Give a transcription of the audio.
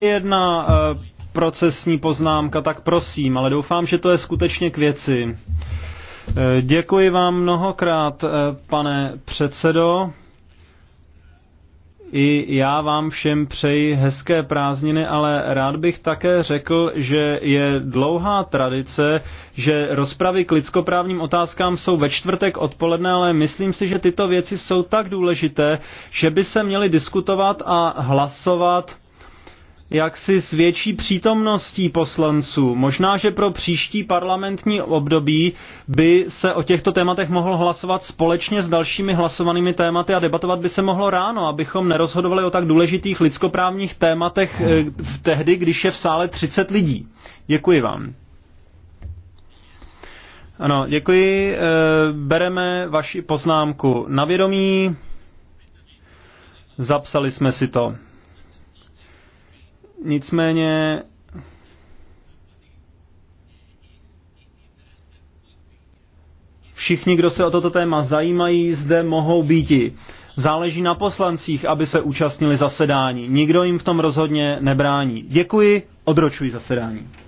jedna eh, procesní poznámka, tak prosím, ale doufám, že to je skutečně k věci. Eh, děkuji vám mnohokrát, eh, pane předsedo. I já vám všem přeji hezké prázdniny, ale rád bych také řekl, že je dlouhá tradice, že rozpravy k lidskoprávním otázkám jsou ve čtvrtek odpoledne, ale myslím si, že tyto věci jsou tak důležité, že by se měly diskutovat a hlasovat jaksi s větší přítomností poslanců. Možná, že pro příští parlamentní období by se o těchto tématech mohlo hlasovat společně s dalšími hlasovanými tématy a debatovat by se mohlo ráno, abychom nerozhodovali o tak důležitých lidskoprávních tématech eh, v tehdy, když je v sále 30 lidí. Děkuji vám. Ano, děkuji. Eh, bereme vaši poznámku na vědomí. Zapsali jsme si to. Nicméně všichni, kdo se o toto téma zajímají, zde mohou býti. Záleží na poslancích, aby se účastnili zasedání. Nikdo jim v tom rozhodně nebrání. Děkuji, odročuji zasedání.